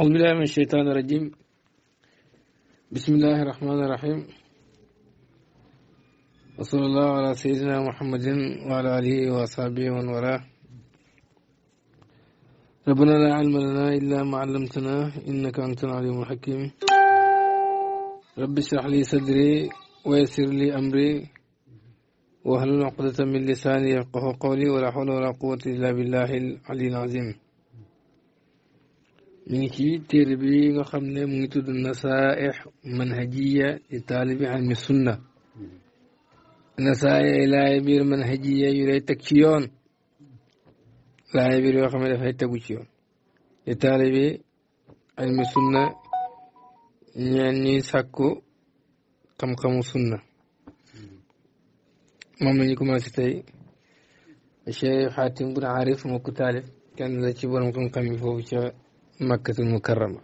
أعوذ بالله من الشيطان الرجيم بسم الله الرحمن الرحيم وصلى الله على سيدنا محمد وعلى آله وأصحابه ومن والاه ربنا لا علم لنا إلا ما علمتنا إنك أنت العليم الحكيم رب اشرح لي صدري ويسر لي أمري وهل عقدة من لساني يفقه قولي ولا حول ولا قوة إلا بالله العلي العظيم نيجي في تربيغا خامني مغي تود النصائح منهجيه لطالب علم السنه نصائح لا يبير منهجيه يري تكيون لا يبير خامني دا فاي تكيون لطالب علم السنه ني ساكو كم كم سنه مام ني كوما سي الشيخ حاتم بن عارف موكو طالب كان لا تي بولم كم كم فوفو makkatul mukarrama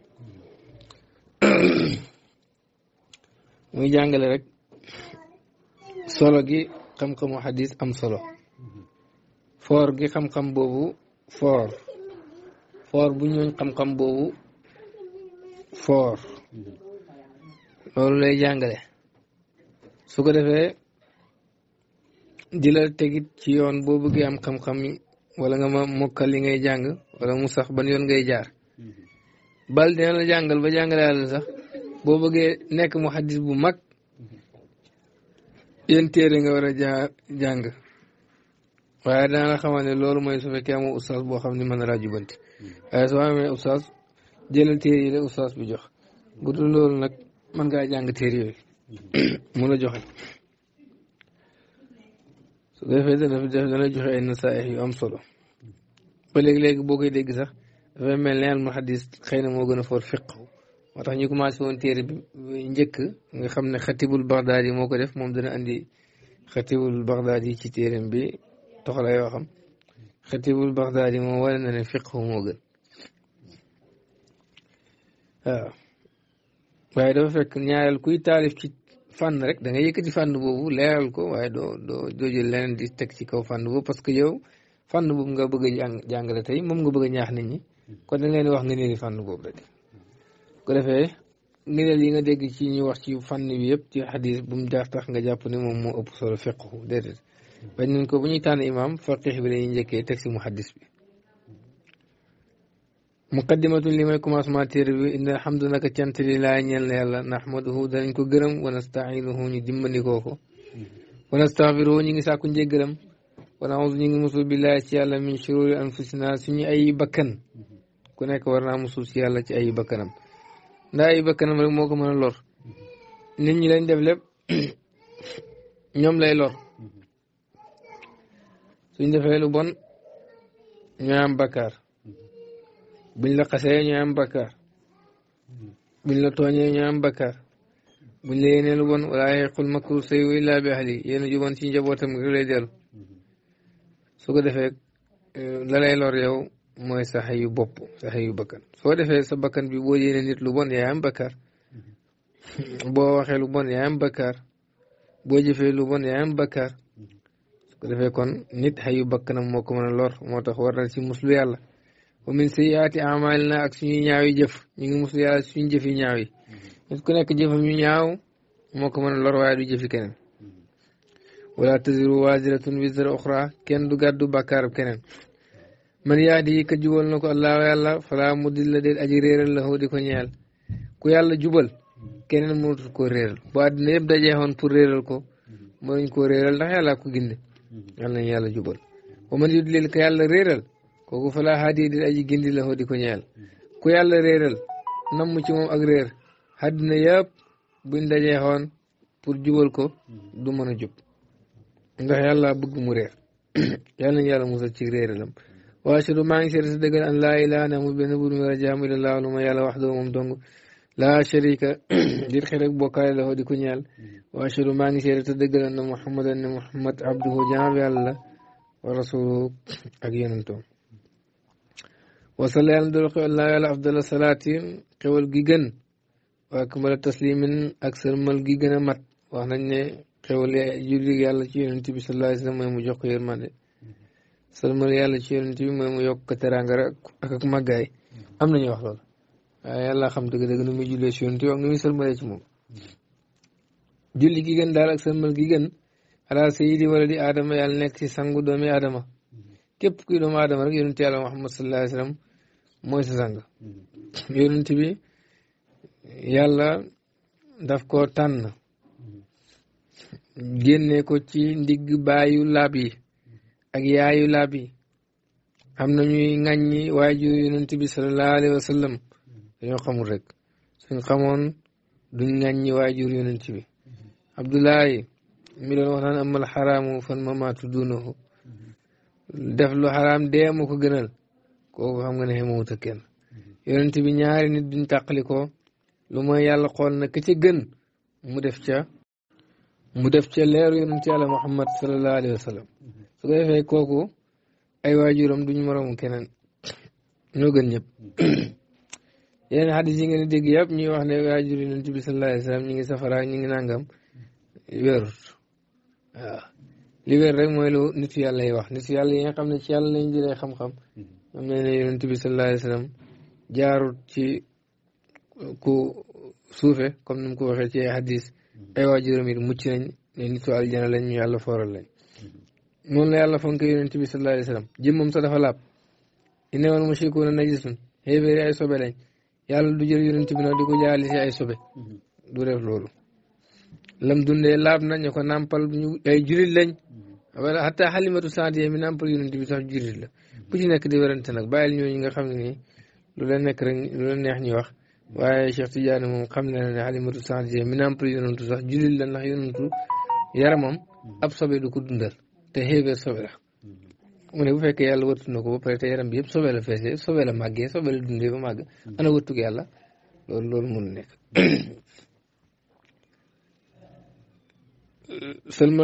muy jàngale rek solo gi xam-xamu xadis am solo foor gi xam-xam boobu foor foor bu ñooñ xam boobu foor loolu lay jàngale su ko defee di la tegit ci yoon boo bëggee am xam-xam wala nga ma mokkal li ngay jàng walla mu sax ba ban yoon ngay jaar bal dina la jàngal ba jàngalaale la sax boo bëggee nekk mu xaddis bu mag yéen téere nga war a jaa jàng waaye dana la xamal ne loolu mooy su fekkee amoo ustaas boo xam ne mën na laa jubanti waaye soo amee ustaas jëlal téere yi la ustaas bi jox bu dul loolu nag mën ngaa jàng téere yooyu mun a joxe su defee dana def yu am solo ba léegi-léegi boo koy dégg sax dafay mel ne almu xadis xëy na moo gën a foor fiq moo tax ñu commencé woon téere bi njëkk nga xam ne xatibul Bagdaadi moo ko def moom dana andi xatibul Bagdaadi ci téereem bi toxala yoo xam xatibul Bagdaadi moom wane na ne fiq moo gën waaw waaye dafa fekk ñaareel kuy taalif ci fànn rek da nga yëkkati fànn boobu leeral ko waaye doo doo doo jël leneen di teg ci kaw fànn boobu parce que yow fànn boobu nga bëgg a jàng jàngale tey moom nga bëgg ñaax nit ñi kon dañ leen wax nga nee ni fànn googu rek ko defee ngëneel yi nga dégg ci ñu wax ci fànn bi yëpp ci xadis bu mu jaar tax nga jàpp ni moom moo ëpp solo fiqhu déedéet bañ nañ ko bu ñuy tànn imaam faqih bi lañuy njëkkee teg si mu xadis bi muqaddimatun li may commencement téere bi inna alhamdu naka cant li laay na yàlla nahmaduhu danañ ko gërëm wa nastainuhu ñu dimbandikoo ko wa nastaxfiruhu ñu ngi ñu ngi musul billahi ci yàlla min shururi anfusina suñu ay bakkan ku nekk war naa mu suuf si yàlla ci ay bakkanam ndax ay bakkanam rek moo ko mën a lor nit ñi lañ def lépp ñoom lay lor suñ defee lu bon ñooy am bakkaar buñ la xasee ñooy am bakkaar buñ la tooñee ñooy am bakkaar buñ la yéenee lu bon wala yequl makru sayyu illaa bi ahli yéen a juboon ci njabootam rek lay dellu su ko defee eh, la lay lor yow mooy sa xëyu bopp sa xëyu bakkan soo defee sa bakkan bi boo yéene nit lu bon yaa am bakkaar mm-hmm. boo waxee lu bon yaa am bakkaar boo jëfee lu bon yaa bakkaar mm-hmm. su ko defee kon nit xëyu bakkanam moo ko mën a lor moo tax war na si muslu yàlla wa min sayyiaati a'maalinaa ak suñuy ñaawi jëf ñu ngi muslu yàlla suñu jëfi ñaaw yi mm-hmm. nit ku nekk jëfam ñu ñaaw moo ko mën a lor waaye du jëfi keneen wala taziru waaziratun wizra uxra kenn du gàddu bakkaarab keneen man yaa di ka jubal na ko allahu yàlla fala mudil la déet aji réeral la xoo di ko ñeel ku yàlla jubal keneen mënatul koo réeral bu àddina yëpp dajeexoon pour réeral ko mënuñ ko réeral ndax yàlla ko ginde yàlla nañ yàlla jubal wa man yàlla réeral kooku fala haadiya déet aji gindi la xoo di ko ñeel ku yàlla réeral namm ci moom ak réer àddina yëpp buñ dajeexoon pour jubal ko du mën a jub ndax yàlla bëgg mu réer yàlla nañ yàlla musal ci réeralam wa ashhadu maa ngi seede si dëggal an laa ilaaha illa huwa benn buur mi war a jaamu illallaahu lu ma yàlla waxdahu moom dong laa sharika dit xi rek bokkaale la di ko ñeel wa ashhadu maa ngi seede te dëggal an muhammadan ne muhammad abduhu jaam yàlla la wa rasuluhu ak yonentoom wasalla yàlla dol xewal laa yàlla afdala salaati xewal gi gën wa akmala taslimin ak sërmal gi gën a mat wax nañ ne xewal julli yàlla ci yonent bi sallallaahu alayhi wa sallam mooy mu jox ko yërmande salmal yàlla ci yonent bi mooy mu yokk teraanga ak ak màggaay am nañu wax loolu waaye yàlla xam dëgg-dëgg nu julli gi gën daal ak salmal yàlla nekk ci sangu doomi aadama képp kuy doomu aadama rek yonent yàlla muhammad sallallahu daf ko tànn génne ko ci ndigg baayu laab ak yaayu laab yi am na ñuy ŋàññi waajur yonent bi sallallahu alayhi wa sallam dañoo xamul rek suñ xamoon duñ ŋàññi waajur yonent bi abdullahi mi wax naan amal xaraamu fan mamaatu duunahu def lu xaraam dee ko gënal kooku xam nga ne xemawut kenn yonent bi ñaari nit duñ tàqalikoo lu mooy yàlla xool na ka ca mu def ca mu def ca muhammad sallallahu alayhi wa su ko defee kooku ay waajuram duñu moromu keneen ñoo gën ñëpp yeneen xadis yi ngeen di dégg yëpp ñuy wax ne waajur yonent bi sallallahu alayhi wasallam ñi ngi safara ñu ngi nangam wérut waaw li wér rek mooy lu nitu yàlla yi wax nitu yàlla yi nga xam ne ci yàlla lañ am nañ ne yonent bi sallallahu alayhi wasallam jaarut ci ku suufe comme ni mu ko waxee ci ay xadis mm-hmm. ay waajuram it mucc nañ ne nitu aljana lañ yàlla fooral lañ noonu la yàlla fonk yonent bi sallallahu alayhi wa sallam sa dafa laab innamal mushrikuuna najisun xéebéeri ay sobe lañ yàlla du jël yonent bi nag ay sobe mhm. du def loolu lam dundee laab ko nàmpal ñu ay jurit lañ mhm. wala xataa xalimatu santé mi nàmpal yonent bi sax jurit la bu mhm. ci nekk di werante nag bàyyil ñooñu nga xam nii lu la nekk rek neex ñuy wax waaye Cheikh Tidiane moom xam na ne xalimatu santé mi nàmpal yonentu sax jurit la ndax yonentu yaramam ab sobe du ko dundal te xeebee sobe la mm-hmm. bu fekkee yàlla wattu na ko ba pare te yaram bi yëpp sobe la feese yëpp sobe la màggee sobe la dundee mm-hmm.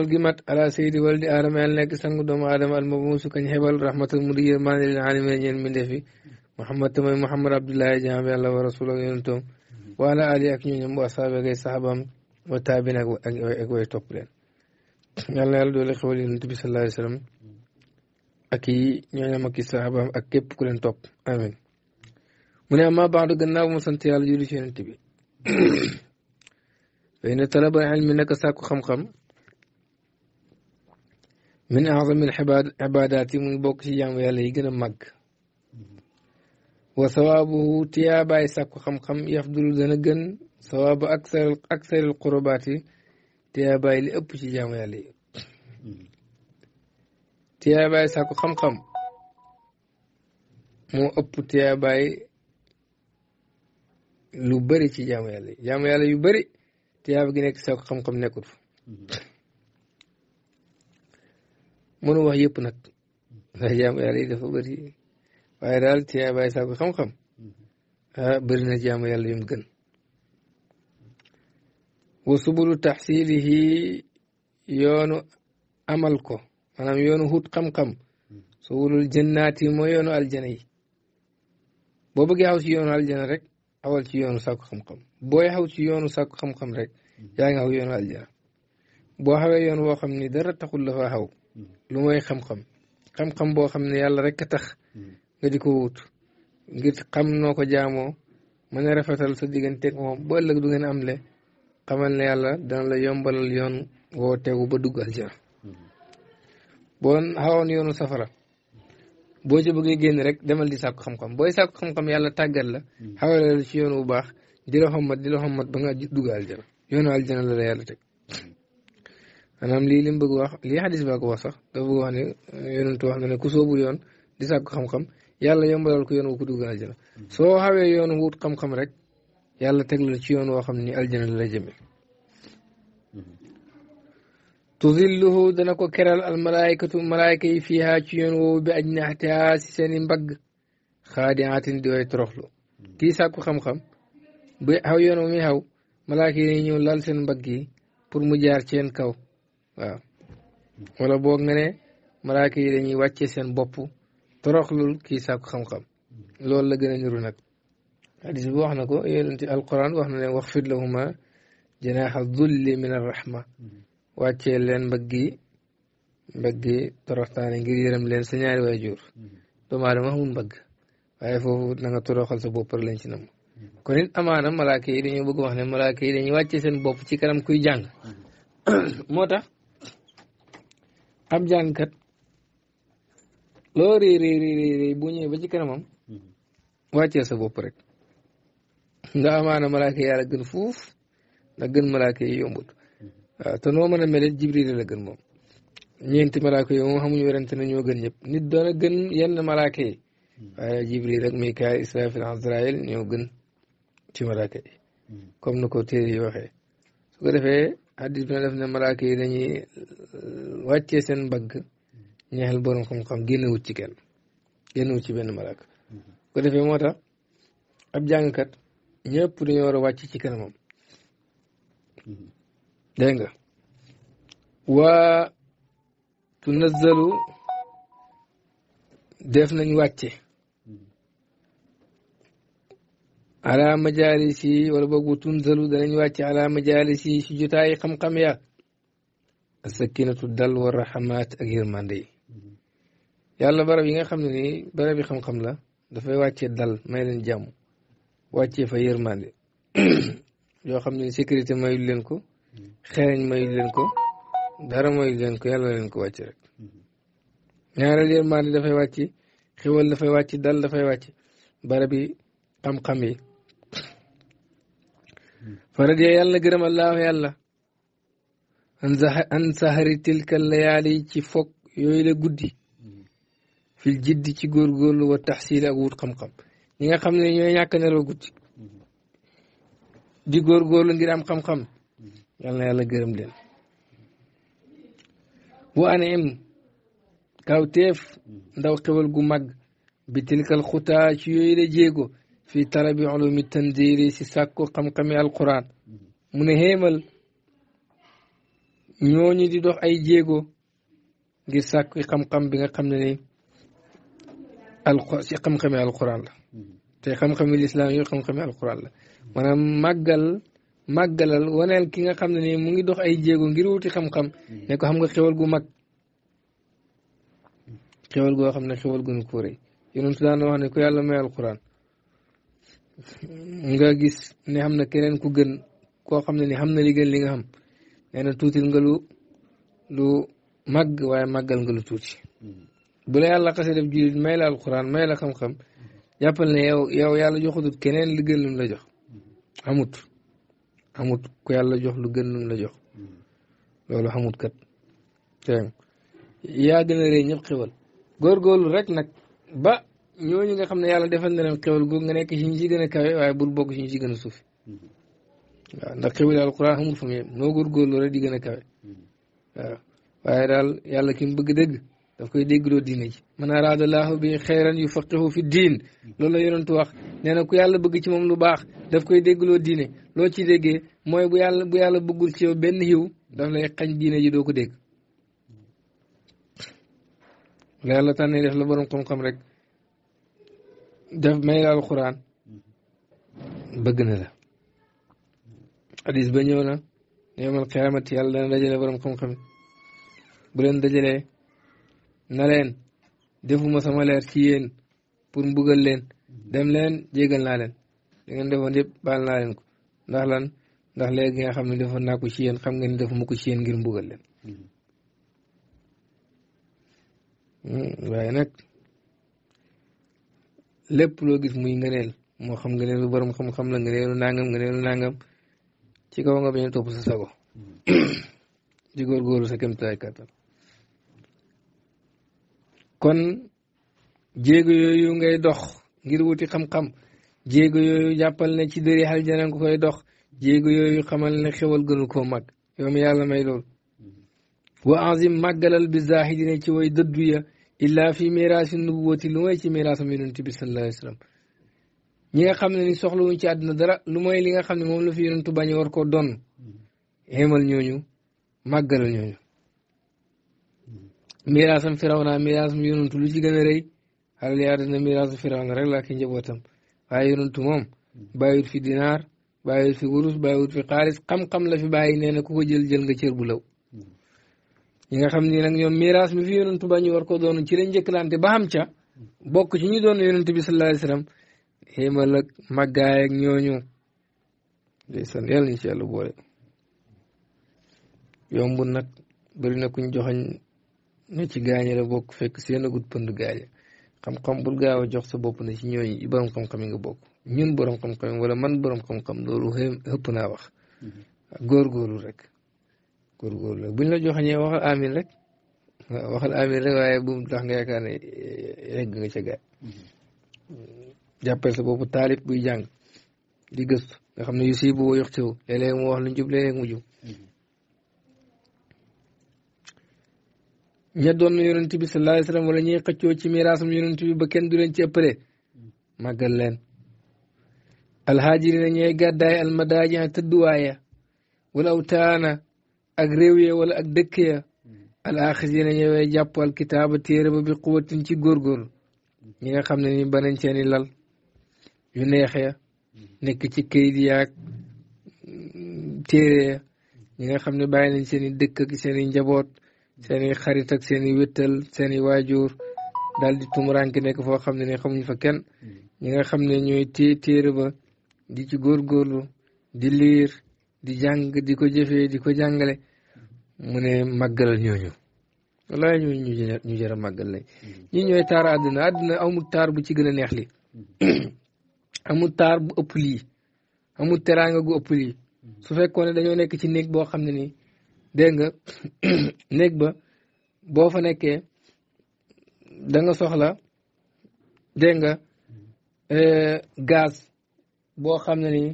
gi mat ala saydi wal di aadama yàlla nekk sangu doomu aadama al mabuusu kañ xebal rahmatal mu di yërmaande lil aalamiin ñeen mbindeef yi Muhammad tamay Muhammad Abdullahi jaam yàlla wa rasul ak yonentoom mm-hmm. waala ali ak ñooñam wa asaabe gay saxabaam wa taabin ak way topp leen yàlla na yàlla doole xewal bi sallallahu alayhi wa sallam ak yi ñooñam ak i saabaam ak képp ku leen topp amin mu ne amma baadu gannaaw ma sant yàlla julli ci yonent bi fay ne talaba ilmi nekk sàkku xam-xam min azamil ibaadaat yi muy bokk ci jaamu yàlla yi gën a màgg wa sawaabuhu tiyaabaay sàkku xam-xam yafdulu dana sawaabu aksar aksaril qurubaat tiyaa bàyyi li ëpp ci jaamu yàlla yi tiyaa bàyyi xam-xam moo ëpp tiyaa bàyyi lu bëri ci jaamu yàlla jaamu yàlla yu bëri tiyaa gi nekk sàkku xam-xam nekkul mënu wax yëpp nag ndax jaamu yàlla yi dafa bëri waaye daal tiyaa bàyyi sàkku xam-xam ah na jaamu yàlla yu gën wa subulu taxsilihi yoonu amal ko maanaam yoonu hut xam-xam subulul jannaati mooy yoonu aljana yi boo bëggee xaw ci yoonu aljana rek awal ci yoonu sàkku xam-xam booy xaw ci yoonu sàkku xam rek yaa ngi xaw yoonu aljana boo xawee yoon woo xam ni dara taxul la fa xaw lu mooy xam-xam boo xam ne yàlla rek a tax nga di ko wut ngir xam noo ko jaamoo mën a rafetal sa digganteeg moom ba ëllëg du ngeen am le xamal na yàlla dana la yombalal yoon woo tegu ba dugg aljana boo xawoon yoonu safara boo ci bëggee génn rek demal di sàkk xam-xam booy sàkku xam-xam yàlla tàggat la yoon bu baax di la xommat di la xommat ba nga dugg aljana yoonu aljana la li mu bëgg wax lii xadis baa ko ku yoon di sàkku xam yàlla yombalal ko ko dugg aljana soo xawee yoonu wut xam-xam rek yàlla teg la ci yoon woo xam ni aljana la jëme tuzilluhu dana ko keral al malaayikatu malaayika yi fiiha ci yoon woowu bi ajnihatiha si seen i mbagg xaadiatin di way bu xaw yoon wu muy xaw malaayika yi ñëw lal seen mbagg yi pour mu jaar ci seen kaw waaw wala boog nga ne malaayika yi dañuy wàcce seen bopp toroxlul kii saaku xam-xam loolu la gën a niru nag hadis bi wax na ko yonente alquran wax na mm-hmm. leen wax fit lahuma janaaxa dulli min arrahma wàccee leen mbëggi mbëggi toroxtaane ngir yërëm leen sa ñaari waajur mm-hmm. doomu aadama amul mbëgg waaye foofu na nga sa bopp rek lañ ci nam mm-hmm. kon it wax ne malaaka dañuy wàccee seen bopp ci kanam kuy jàng moo tax ab jàngkat loo réy réy réy ba ci kanamam wàccee sa bopp rek nga amaana malaaka yi yàlla gën fuuf na gën malaaka yi yombut waaw te noo mën a mel jibril la gën moom ñeenti malaaka yi moom xamuñu werante ne ñoo gën ñëpp nit doon a gën yenn malaaka yi waaye jibril rek mikaayil israfil Israël ñoo gën ci malaaka yi comme ni ko téere yi waxee su ko defee xaddis bi na def ne malaaka yi dañuy wàccee seen mbagg ñeexal borom xam-xam génnewut ci kenn génnewut ci benn malaaka su ko defee moo tax ab jàngkat ñëpp dañoo war a wàcc ci kanamam mm-hmm. dégg nga waa tunazzalu def nañ wàcce mm-hmm. ala majalis yi wala boogu tunzalu danañ wàcce ala majalis yi si jotaayi xam-xam ya assakinatu dal wa rahamaat ak yërmande yi mm-hmm. yàlla barab yi nga xam ne nii barab yi la dafay wàcce dal may leen jàmm wàccee fa yërmande yoo xam ne sécurité ma leen ko xereñ mayul leen ko dara mayul leen ko yàlla leen ko wàcc rek mm-hmm. ñaareel yërmande dafay wàcc xéwal dafay wàcc dal dafay wàcc bara yi xam-xam yi mm-hmm. farad yee yàlla gërëm allaahu yàlla an sahari tilka layaali ci fokk yooyu la guddi mm-hmm. fil jiddi ci góorgóorlu wa taxsiil ak wut xam-xam ñi nga xam ne ñooy ñàkk nelaw guddi di góorgóorlu ngir am xam-xam yal na yàlla gërëm leen bu ane im kaw ndaw xewal gu mag bi tilkal xutaa ci yooyu la jéego fii talabi ulumi tanziri si sàkku xam-xami alquran mu ne xéemal ñooñu di dox ay jéego ngir sàkku xam-xam bi nga xam ne ni al si xam-xami alquran la te xam-xami lislaam yi xam-xami alquran la maanaam màggal màggalal waneel ki nga xam ne nii mu ngi dox ay jéego ngir wuti xam-xam ne ko xam nga xewal gu mag xewal goo xam ne xewal gu nu ko rëy yonent daan wax ne ko yàlla may alquran nga gis ne xam na keneen ku gën koo xam ne ni xam na li gën li nga xam nee na tuuti nga lu lu màgg waaye nga lu tuuti hmm. bu la yàlla xasee def jullit may la alquran may la xam-xam jàppal ne yow yow yàlla joxutul keneen li gën lum la jox mm-hmm. amut amut ku yàlla jox lu gën lum la jox mm-hmm. loolu amut kat te yaa gën a rëy ñëpp xewal góorgóorlu rek nag ba ñooñu nga xam ne yàlla defal na leen xewal googu nga nekk si ñu si gën a kawe waaye bul bokk si ñu si gën a suuf mm-hmm. waaw ndax xewal alquran amul fa mu yem noo góorgóorlu rek di gën a kawe waaw waaye daal yàlla ki mu bëgg dëgg daf koy déggloo diine ji man araada laahu bi xayran yufaqihu fi diin loolu la yonentu wax ku yàlla bëgg ci moom lu baax daf koy déggloo diine loo ci déggee mooy bu yàlla bu yàlla bëggul ci yow benn xiw daf lay xañ diine ji doo ko dégg la yàlla tànnee def la borom xam-xam rek daf may la alquran bëgg na la hadis ba ñëw na yowmal yàlla dana dajale borom xam-xam bu leen dajalee na leen defuma sama leer ci yéen pour mbugal leen dem leen jégal naa leen da ngeen defoon yëpp baal ko ndax lan ndax léegi nga xam ne defoon naa ko ci yéen xam ngeen ni defuma ko ci yéen ngir mbugal leen hmm, waaye nag lépp loo gis muy ngëneel moo xam ngëneelu borom xam-xam la ngëneelu nangam ngëneelu nangam ci kaw nga bañ a topp sa sago hmm. di góorgóorlu sa kéemtalaay kàttan kon jéego yooyu ngay dox ngir wuti xam-xam jéego yooyu jàppal ne ci dëri aljana nga koy dox jéego yooyu xamal ne xewal gënul koo mag yow mi yàlla may loolu wa azim màggalal bi zahidina ci way dëddu ya illa fi miraasi nubuwati lu may ci miraasam yonent bi sallallahu alayhi wa ñi nga xam ne ni soxlawuñ ci àdduna dara lu mooy li nga xam ne moom la fi yonentu bañ war koo doon xémal ñooñu màggalal ñooñu miraasam firawna miraasam yonantu lu ci gën a rëy xalal yaa dina miraasu firawna rek laa ki njabootam fi dinaar bàyyiwut fi wurus bàyyiwut fi xaalis xam-xam la fi bàyyi nee na ku ko jël jël nga cër bu law ñi nga xam ni nag ñoom miraas mi fi yonantu ba war ko doon ci lañ njëkkalante ba xam ca bokk ci ñu doon yonantu bi sallallahu alayhi wasallam xéemal ak màggaay ak ñu ci ne ci gaañe la bokk fekk seen agut pënd gaañe xam-xam bul gaaw a jox sa bopp ne ci ñooñu i borom xam-xam nga bokk ñun borom xam-xam yi wala man borom xam-xam loolu xëpp naa wax mhm. góorgóorlu rek góorgóorlu rek buñ la joxañee waxal amin rek amin rek waaye bu mu tax nga yaakaar ne eh, nga ca mhm. jàppal sa bopp taalib buy jàng di gëstu nga xam ne yu si bu yox tew léeg-léeg mu wax lu jub léeg mu jub mhm. ña doon yonent bi sallallahu alayhi wasallam wala ñuy xëccoo ci miraasam yonent bi ba kenn du leen ci ëppale màggal leen alhaajirina ñooy gàddaay almadaaja tëdduwaaya wala awtaana ak réew ya wala ak dëkk ya alaaxisina ñooy jàpp alkitaaba téere ba bi quwatin ci góorgóorlu ñi nga xam ne ni banañ seeni lal yu neex ya nekk ci kayit yaag mm, téere ya ñi nga xam ne bàyyi nañ seeni dëkk ak seeni njaboot seen i xarit ak seeni waajur daal di tumuraanke nekk foo xam ne ni xamuñu fa kenn ñi nga xam ne ñooy téye téere ba di ci góorgóorlu di liir di jàng di ko jëfe di ko jàngale mu ne màggalal ñooñu wallaahi ñooñu ñu jë ñu jërë màggal lañ ñi ñooy taar àdduna àdduna amul taar bu ci gën a neex li amul taar bu ëpp lii amul teraanga gu ëpp lii su fekkoon ne dañoo nekk ci néeg boo xam ne nii dégg nga néeg ba boo fa nekkee danga soxla dégg nga euh, gaz boo xam ne ni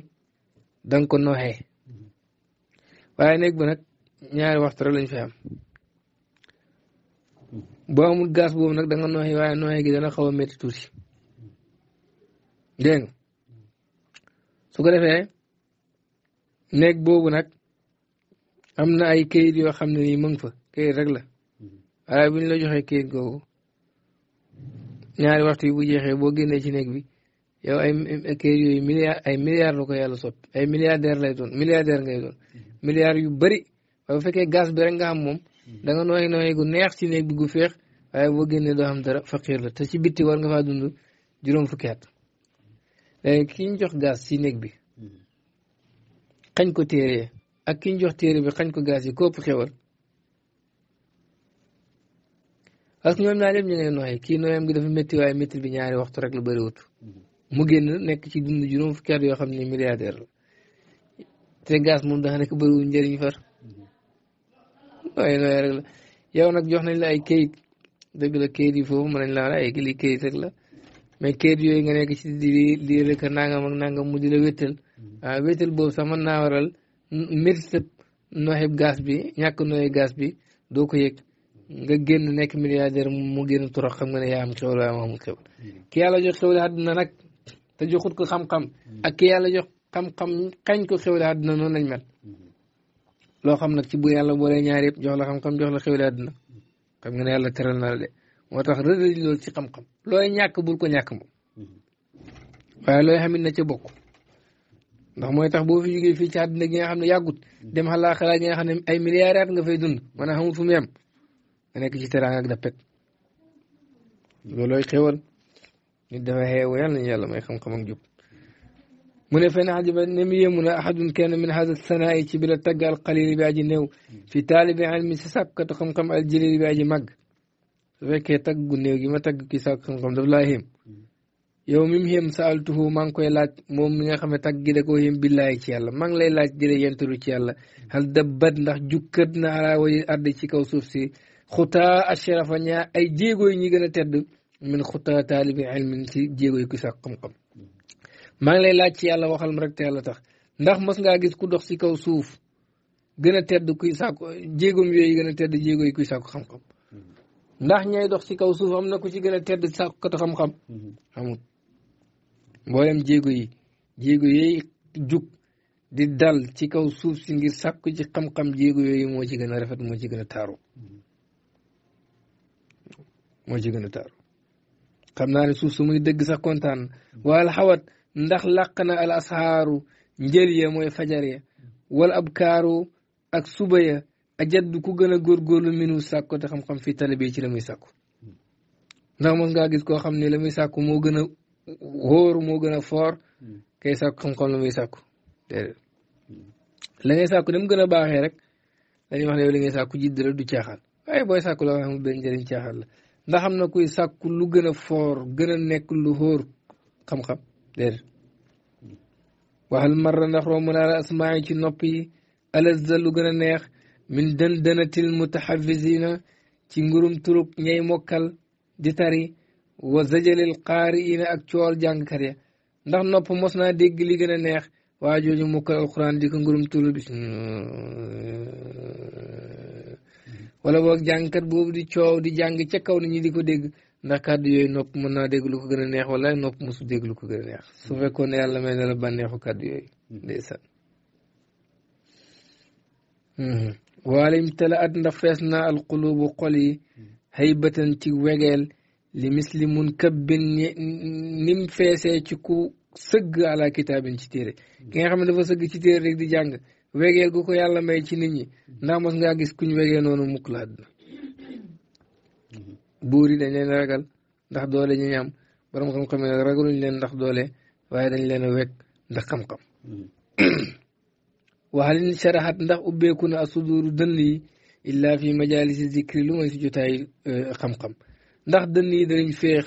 da ko noxee waaye néeg ba nag ñaari waxtu rek lañ fi am boo amul gaz boobu nag da nga noxee waaye noxee gi dana xaw a métti tuuti dégg su ko defee néeg boobu nag am na ay kayit yoo xam ne nii mu ngi fa kayit rek la mm-hmm. waaye bu ñu la joxee kayit googu ñaari waxtu yi bu jeexee boo génnee ci néeg bi yow ay kayit milliard ay milliards la ko yàlla soppi ay milliardaire lay doon milliardaire ngay doon mm-hmm. milliards yu bari waaye bu fekkee gaz bi nga xam moom mm-hmm. danga nga nooy nooy gu neex ci néeg bi gu feex waaye boo génnee doo xam dara faqiir la te ci bitti war nga faa dund juróom fukki at ki jox gaz ci néeg bi xañ ko téeree ak ki ñu jox téere bi xañ ko gaas yi kópp xewal parce que ñoom naa yëpp ñu ngay nooy kii nooyam gi dafa métti bi ñaari waxtu rek la bëriwut mm-hmm. mu génn nekk ci dund juróom yoo xam ne milliardaire la te gaas moom dafa nekk bëriwul njëriñ far mm-hmm. nag jox nañ la ay la kayit yi foofu mën nañ la la mais kayit yooyu nga nekk ci di lii rek nangam ak nangam mu di la wéttal mm-hmm. ah boobu sax mën naa waral mbir sëb nooxib gaz bi ñàkk nooy gaz bi doo ko yëg nga génn nekk milliardaire mu génn torox xam nga ne yaa am xewla yaa xew mm-hmm. ki yàlla jox xewla àdduna nag te joxut ko xam-xam mm-hmm. ak yàlla jox xam xañ ko xewla àdduna noonu lañ mel mm-hmm. loo xam nag ci bu yàlla boolee ñaar yëpp jox la xam-xam jox la xam nga ne yàlla teral na la de moo tax rëdd lool ci xam-xam looy ñàkk bul ko ñàkk moom waaye looy xamit na ci bokk ndax mooy tax boo fi jógee fii ci àddina gi nga xam ne yàggut dem xalaa xalaa gi xam ne ay milliards at nga fay dund maanaam xamul fu mu yem nga nekk ci teraanga ak dappet loolooy xéwal nit dafa xeewu yàlla nañu yàlla may xam-xam ak jub mu ne fenn xajiba ne mu yéemu na min hada sanaayi ci bi la tagg al qalil bi aji néew fi taalibi almi si sàkkatu xam-xam al jëlil bi aji màgg su fekkee tagg gu néew gi ma tagg ki sàkk xam-xam daf laa yéem yow mi mu xéem saaltuhu maa ngi koy laaj moom mi nga xam ne tag gi da koo xéem billaahi ci yàlla maa ngi lay laaj jële yentalu ci yàlla xal dabbat ndax jukkat na ala ci kaw suuf si xutaa ashrafa ñaa ay jéego yi gën a tedd min xutaa taalibi ilmin ci jéego yi ku sax maa ngi lay laaj ci yàlla waxal ma rek te yàlla tax ndax mas ngaa gis ku dox ci kaw suuf gën a tedd kuy sàkku jéegoom yooyu gën a tedd jéego yi kuy sàkku xam-xam mm-hmm. ndax ñay dox ci kaw suuf am na ku ci gën a tedd sàkkukatu xam-xam mm-hmm. mboolem jéego yi jéego yooyu jug di dal ci kaw suuf si ngir sàkku ci xam-xam jéego yooyu moo ci gën a rafet moo ci gën a taaru moo ci gën a taaru xam naa ne suuf su muy dëgg sax kontaan wal xawat ndax làq na al asxaaru njël ya mooy fajar ya wal ab kaaroo ak suba ya ajad ku gën a góor góorgóorlu minu sàkko te xam-xam fii tale bi ci la muy sàkku ndax mos ngaa gis koo xam ne la muy sàkku moo gën a wóor moo gën a foor hmm. kay sàkku xam-xam la muy sàkku la ngay sàkku ni gën a baaxee rek dañuy wax ne yow li ngay sàkku jidd la du caaxaan waaye booy sàkku la xam benn ndax xam na kuy sàkku lu gën a foor gën a nekk lu wóor xam-xam déedéet waxal marra ndax romb naa la asmaa ci nopp yi alazza lu gën a neex min dëndënatil mutaxafisina ci ngurum turub ñay mokkal di tari wa zajalil qaariina ak coor jàngkat ya ndax nopp mos naa dégg li gën a neex waa jooju mukkal alxuraan di ko ngurum turu bis wala boog jàngkat boobu di coow di jàng ca kaw nit ñi di ko dégg ndax kàddu yooyu nopp mën naa dégg lu ko gën a neex wala nopp mosu dégg lu ko gën a neex su fekkoon ne yàlla may na la bànneexu kàddu yooyu ndeysaan waalim tala at ndax fees naa alqulubu xol yi haybatan ci wegeel li misli mun kabbin nim feesee ci ku sëgg ala kitaabin ci téere ki nga xam ne dafa sëgg ci téere di jàng wegeel gu ko yàlla may ci nit ñi ndax mos ngaa gis kuñ wegee noonu mukk la àdduna buur yi dañ leen ragal ndax doole ñu ñam borom xam-xam yi ragaluñ leen ndax doole waaye dañ leen a wekk ndax xam-xam waxalin sharaxat ndax ubbeeku na asuduru dënn yi illa fi majalisi zikri lu may si jotaay euh, xam-xam ndax dënn yi danañ feex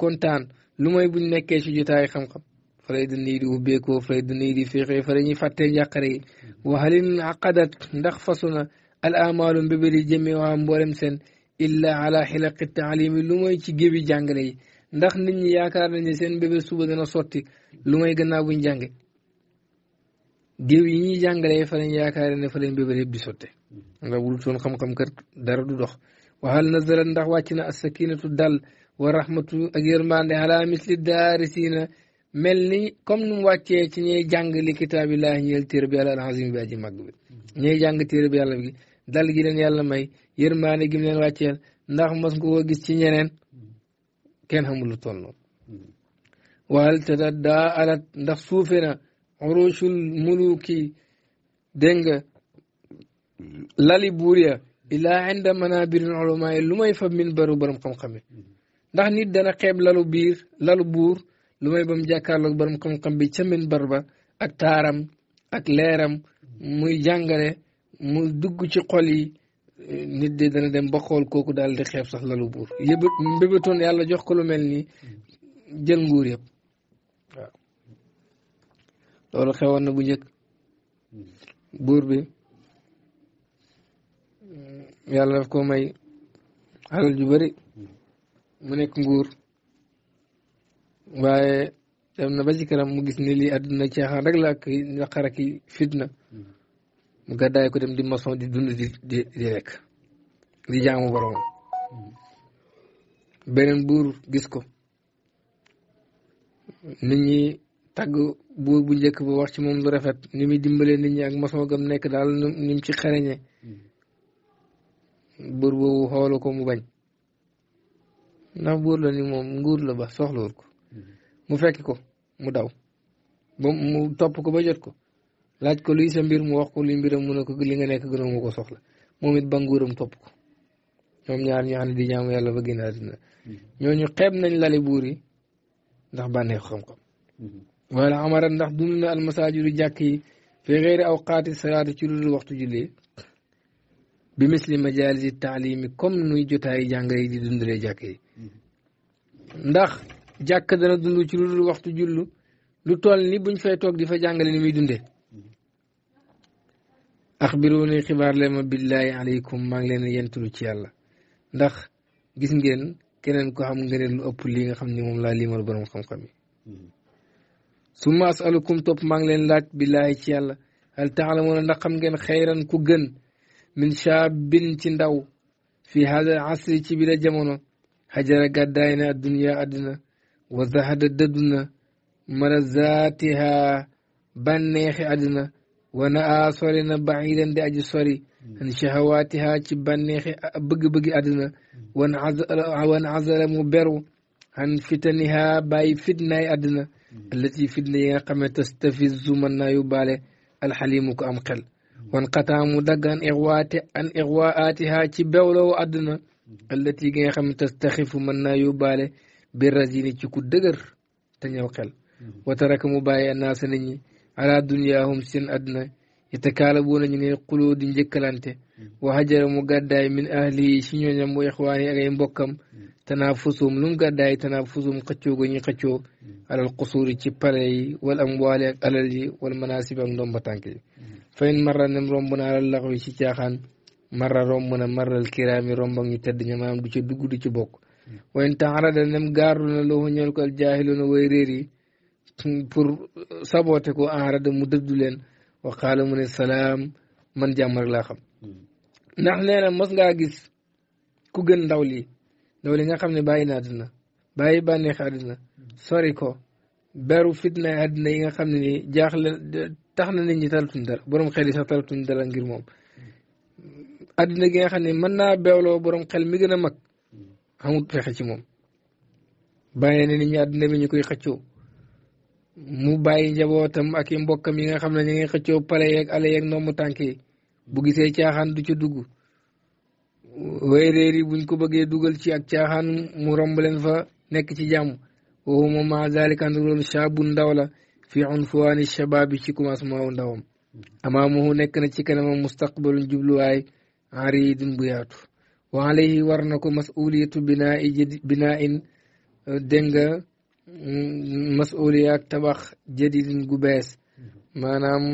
kontaan lu mooy buñ nekkee ci jotaay xam-xam faray dënn yi di ubbeekoo faray dënn yi di féexee faray ñuy fàttee njàqare yi mm-hmm. waxalin aqadat ndax fasu na al amaalu mbébéri jëmee waa seen illa ala xilaqi taalimi mooy ci gébi jàngale yi ndax nit ñi yaakaar nañ ne seen bébé suba dana sotti lu mooy gannaaw buñ jànge géew yi ñuy jàngalee fa lañ yaakaar ne fa lañ bébé yëpp di sotte mm-hmm. ndax wudutoon xam-xam kat dara du dox waxal nazala ndax wàcc na assakinatu dal wa rahmatu ak yërmande ala misli daarisiina mel ni comme nu mu wàccee ci ñuy jàng li kitaabillahi ñeel téere bi yàlla alazim bi aji màgg bi ñuy jàng téere bi yàlla bi dal gi leen yàlla may yërmande gi mu leen wàcceel ndax mos nga gis ci ñeneen kenn xamul lu waxal tata daa alat ndax suufe na urushul muluki dégg nga lali buur illaa inda manabiril ulama yi lu may fa min baru borom xam-xam yi nit dana xeeb lalu biir lalu buur lu may ba mu jàkkaarloog borom xam-xam bi ca min bar ba ak taaram ak leeram muy jàngale mu dugg ci xol yi nit de dana dem ba kooku daal di xeeb sax lalu buur yëpp mbébétoon yàlla jox ko lu mel ni jël nguur yëpp waaw loolu xewoon bu njëkk hmm. buur bi yàlla daf may alal ju bëri mu nekk nguur waaye dem na ba ci mu gis ni lii àdduna caaxaan rek la ak naqar ak fitna mu gàddaay ko dem di maçon di dund di di di di jaamu borom beneen buur gis ko ni ñi tàgg buur bu njëkk ba wax ci moom lu rafet ni muy dimbalee ni ñi ak maçon gam nekk daal ni ci xereñe buur boobu xoolu ko mu bañ ndax buur la ni moom nguur la ba soxlawul ko mm-hmm. mu fekk ko mu daw ba mu topp ko ba jot ko laaj ko luy sa mbir mu wax ko luy mbiram mu ne ko li nga nekk gënoon nga ko soxla moom it ba nguuram topp ko ñoom ñaar ñu xam ne di ñaamu yàlla ba génn àddina mm-hmm. ñooñu xeeb nañ lali buur yi ndax bànneex xam-xam mm-hmm. wala amara ndax dund na almasaajidu jàkk yi fi awqaati salaati ci lu dul waxtu julli bi misli majaalisi taalimi comme nuy jotaayi jàngale yi di dundalee jàkk yi ndax jàkk dana dund ci lu dul waxtu jullu lu toll ni buñ fay toog di fa jàngale ni muy dundee axbiruuni xibaar leen ma billaahi aleykum maa ngi leen yentulu ci yàlla ndax gis ngeen keneen ko xam nga lu ëpp lii nga xam ni moom laa limal borom xam-xam yi summa asalukum topp maa ngi leen laaj billaahi ci yàlla hal taalamuuna ndax xam ngeen xayran ku gën min shaabin ci ndaw fi hada asri ci bi la jamono hajara gàddaay na adduniya adduna wa zahada dëdduna mara zaatiha bànneexi adduna wa naa sori na baidan di aji sori an shahawaatiha ci bànneexi bëgg-bëggi adduna wan azala mu beru an fitaniha bàyyi fitnaay adduna allati fitna yi nga xam ne tastafizu mën naa yóbbaale alxalimu ko am xel وانقطع مدق عن إغوات عن إغواءاتها تبولو أدنى التي جاي خم تستخف من يبالي بالرزين تكو دقر تنيو قل وترك مبايع الناس نني على دنياهم سن أدنى يتكالبون نني قلود جكلانتي Mm-hmm. wa hajara mu gàddaay min ahli si ñooñam wa ixwaani ak ay mbokkam mm-hmm. tanaafusum lu mu gàddaay tanaafusum xëccoo ga ñuy xëccoo mm-hmm. alal xusuuri ci pale yi wal amwaali ak alal yi wal manaasib ak ndomba tànk fayin marra nem romb na alal lax yi ci caaxaan marra romb na marral kiraami romb ak ñu tedd ña maanaam du ca dugg du ci bokk wayin taxarada nem gaarlu na loo ñeel ko al jaahiluuna way réer yi pour sabote ko enrada mu dëddu leen wa qaala ne salaam man jàmm rek ndax nee na mos ngaa gis ku gën ndaw lii ndaw li nga xam ne bàyyi na àdduna bàyyi bànneex àdduna sori ko beru fitna àdduna yi nga xam ne nii jaaxle tax na nit ñi talatuñ dara borom xel yi sax talatuñ dara ngir moom àdduna gi nga xam ne mën naa beewloo borom xel mi gën a mag amul pexe ci moom bàyyi na nit ñi bi ñu koy xëccoo mu bàyyi njabootam ak i mbokkam yi nga xam ne ñu ngi xëccoo pale yeeg ale yeeg noomu tànk bu gisee caaxaan du ca dugg way réer yi buñ ko bëggee dugal ci ak caaxaan mu romb leen fa nekk ci jàmm woowu moom maa zalika ànd shaabu ndaw la fii unfuwaani shabaab bi ci commencement ndawam amaamuhu nekk na ci kanamam mustaqbalun jubluwaay aridun bu yaatu wa alayhi war ko masuliyatu binaa i binaa in dégg nga masuliya ak tabax jadidin gu bees maanaam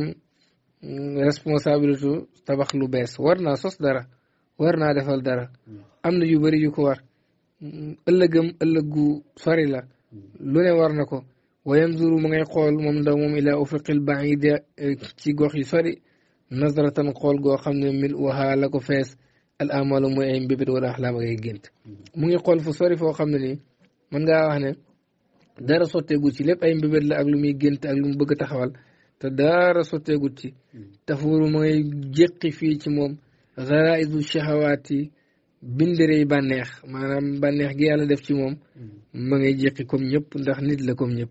mm, responsabilité tabax lu bees war naa sos dara war naa defal dara am na yu bëri yu ko war ëllëgam ëllëg gu sori la lu ne war na ko wayam zuru mu ngay xool moom ndaw moom ila ufiqil baid ci gox yu sori nazratan xool goo xam ne mil waxa la ko fees al amalu mooy ay mbébét wala axlaam ak ay gént mu ngi xool fu sori foo xam ne mën ngaa wax ne dara sotteegu ci lépp ay mbébét la ak lu muy gént ak mu bëgg taxawal te daara sotteegut ci mm. tafuuru ma ngay jéqi fii ci moom garaisu shahawaat yi bànneex maanaam bànneex gi yàlla def ci moom mm. ma ngay jéqi comme ñëpp ndax nit la comme ñëpp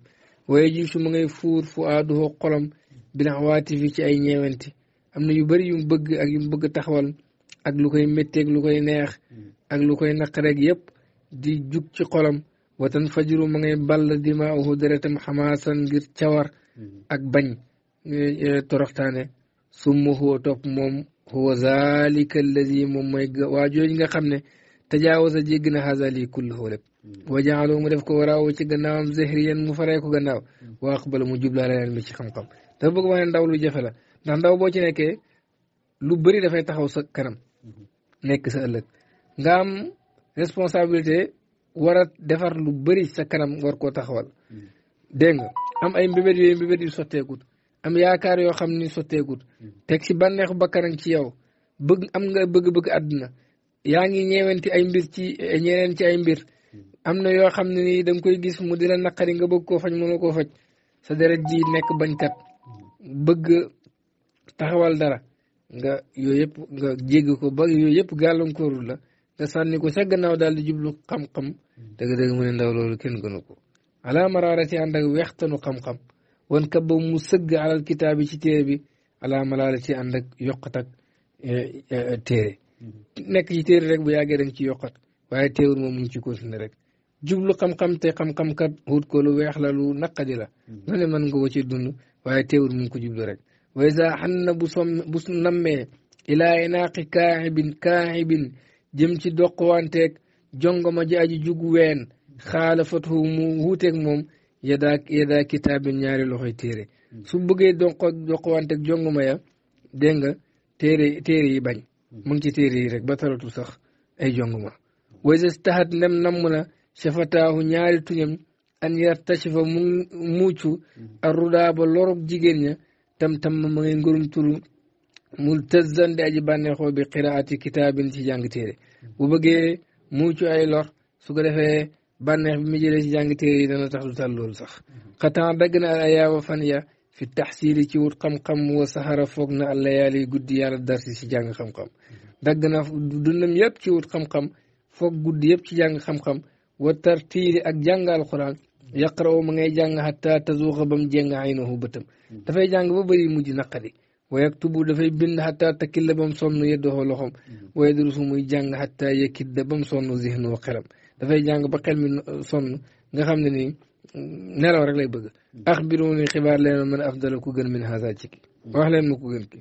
waaye ji su ma ngay fuur fu aaduhoo xolam bilaxawaati fi ci ay ñeewenti am na yu bari yu mu bëgg ak yu mu bëgg taxawal ak lu koy métteeg lu koy neex mm. ak lu koy naqareeg yépp di jug ci xolam watan fajiru ma ngay ball dimaauhu deretam xamaasan ngir cawar ak bañ toroxtaane summa huwa topp moom huwa zalika allazi moom mooy waa jooju nga xam ne tajaawaza jégg na xaasa lii kullahu lépp hmm. wajaaloo mu def ko waraaw ci gannaawam zahriyan mu faree ko gannaaw hmm. wa bala mu jublaale leen mi ci xam-xam dafa bëgg wax ne ndaw lu jafe la ndax ndaw boo ci nekkee lu bëri dafay taxaw sa kanam hmm. nekk sa ëllëg nga am responsabilité war a defar lu bëri sa kanam war koo taxawal dégg nga am ay mbébét yooyu mbébét yu sotteekut am yaakaar yoo xam ni sotteegut mm-hmm. teg ci bànneexu bakkanam ci yow bëgg am nga bëgg-bëgg àdduna yaa ngi ñeewenti ay mbir ci ñeneen ci ay mbir mm-hmm. am na yoo xam ne nii da koy gis mu dina naqari nga bëgg koo faj mënoo koo faj sa deret ji nekk bañkat mm-hmm. bëgg taxawal dara nga yooyu yëpp nga jéggi ko bag yooyu yëpp gàllankoorul la nga sànni ko sa gannaaw daal di jublu xam-xam dëgg-dëgg mu ne ndaw loolu kenn gënu ko ala maraarati ànd ak weextanu xam-xam wan ka ba mu sëgg alal kitaab ci téere bi ala malaala ci ànd ak yokkat ak e, e, e, mm-hmm. nekk ci téere rek bu yàggee dañ ci yokkat waaye téewul moom mu ngi ci continué rek jublu xam-xam te xam-xam kat wut ko lu weex la lu naqadi la mm-hmm. mën nga ko ci dund waaye téewul mu ngi ko jublu rek way sa xan na bu som bu nammee ilaa inaaqi kaaxibin kaaxibin jëm ci doqwanteeg jongoma ji aji jugu ween xaala fatu mu moom yadaa yadaa kitaabin ñaari loxoy téere hmm. su bëggee doq doqwante ak jonguma ya dégg nga téere téere yi bañ hmm. mu ngi ci téere yi rek ba talatu sax ay jonguma wayses taxat ndem nam na chafataahu ñaari tuñam an yartashifa mu muccu hmm. ak rudaa ba jigéen ña tam-tam ma ngay ngërum turu mul tëzzan di aji bànneexoo bi qiraati kitaabin ci jàng téere bu bëggee muccu ay lor su ko defee bànneex bi mu jëlee ci jàng téere yi dana tax du tal loolu sax xataa dagg na al ayaaba fan ya fi taxsiili ci wut xam-xam wa saxara foog na al layaali guddi yàlla darsi ci jàng xam-xam dagg na dundam yëpp ci wut xam-xam foog guddi yëpp ci jàng xam-xam wa tartiili ak jàng alxuraan yaqra'u ma ngay jàng xataa tazuuxa ba mu jeng aynahu bëtam dafay jàng ba bëri mujj naqari wa yaktubu dafay bind xataa takilla ba mu sonn yeddoxoo loxom wa yadrusu muy jàng xataa yakidda ba mu sonn zihnu xelam dafay jàng ba xel mi sonn nga xam ne ni nelaw rek lay bëgg ax biru ni xibaar leen mën a afdala ku gën min hasa ci ki wax leen ma ku gën ki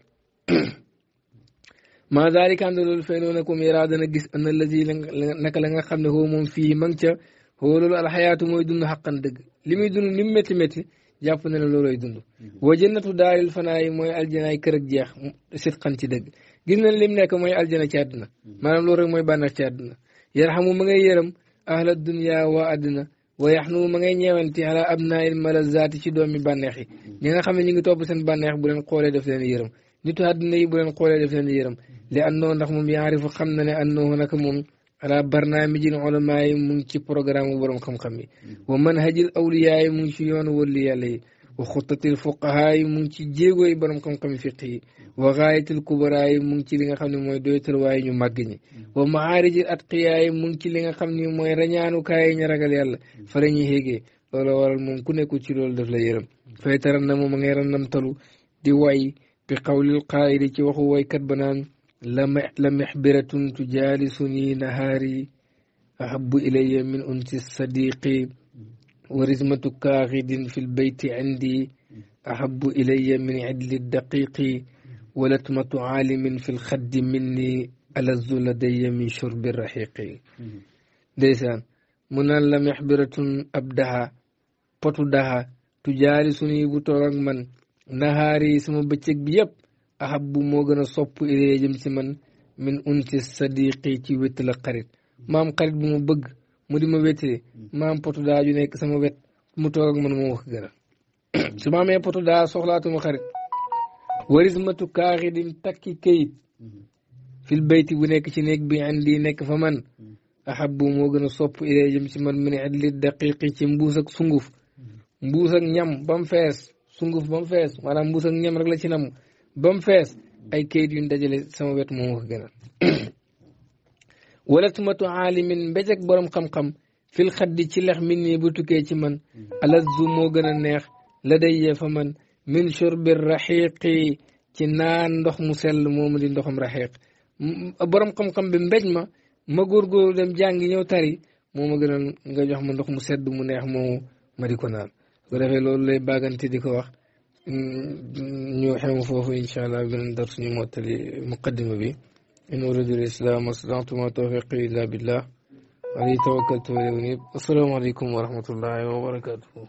ma zalika kànd loolu fay na comme yara dana gis la ji naka la nga xam ne xoo moom fii ma ca xoo loolu alxayaatu mooy dund xaqan dëgg li muy dund ni mu metti métti jàpp ne la loolooy dund wa jënnatu daaril fanaa yi mooy aljanaay kër ak jeex sit xan ci dëgg gis nañ lim nekk mooy aljana ci àdduna maanaam loolu rek mooy bànneex ci àdduna yarxamu ma ngay yërëm أهل الدنيا وأدنى ويحنو ما غي نيوانتي على أبناء الملذات شي دومي بانيخي نيغا خامي نيغي توب سن بانيخ بولن خولي داف لين ييرم نيتو أدنى بولن خولي داف لين ييرم لأنه نخ موم يعرف خمنا أنه هناك موم على برنامج العلماء من شي بروغرام وبرم خم خمي ومنهج الأولياء من شي يون وليالي وخطة الفقهاء من شي جيغوي برم خم خمي فقهي وغايت الكبرى من كي ليغا خامني موي دوتر واي ني ماغي ني ومعارج الاتقياء من كي ليغا خامني موي رانيانو كاي ني راغال يالا فراني هيغي لولا وارال موم كو نيكو تي لول داف لا ييرم فيترن نامو ماغي رانام تالو دي واي بي القائل تي واخو واي كات بنان لم لم حبره تجالسني نهاري احب الي من انت الصديق ورزمة كاغد في البيت عندي أحب إلي من عدل الدقيق ولتمة عالم في الخد مني ألذ لدي من شرب الرحيق ديسان منال لم يحبرة أبدها بطدها تجالسني بطرق من نهاري اسم بچك بيب أحب موغن صب إلي جمس من من أنت الصديقي تي ويتل قريت مام قريت بمو بغ مدي مو di مام wéttee maam potu daa ju nekk sama wet mu toog ak man moo wax gënal ورزمتو كاغد تكي كيت في البيت ونيك شنيك بي عندي نيك فمن أحب موغن صوب إلى جمسي من من عدل الدقيق تنبوسك سنغوف مبوسك نيام بامفاس سنغوف بامفاس وانا مبوسك نيام رغلا شنام بامفاس أي كيت يندجل سموات موغ جنا ولتمة عالم بجك برم قم قم في الخد تلخ مني بوتو كيت من ألزو موغن نيخ لدي فمن min shurbi raxiqi ci naan ndox mu sell moomu di ndoxam raxiq borom xam-xam bi mbéj ma ma góorgóorlu dem jàngi ñëw tari moo ma gënoon nga jox ma ndox mu sedd mu neex moomu ma di ko naan bu defee loolu lay bàggante di ko wax mm, ñu xew foofu incha allah beneen dar suñu mottali muqaddima bi in uridu l islam wastata'tu ma tawfiqi illa billah alayhi tawakkaltu wa ilayhi unib asalaamaaleykum wa rahmatullahi wa barakatuhu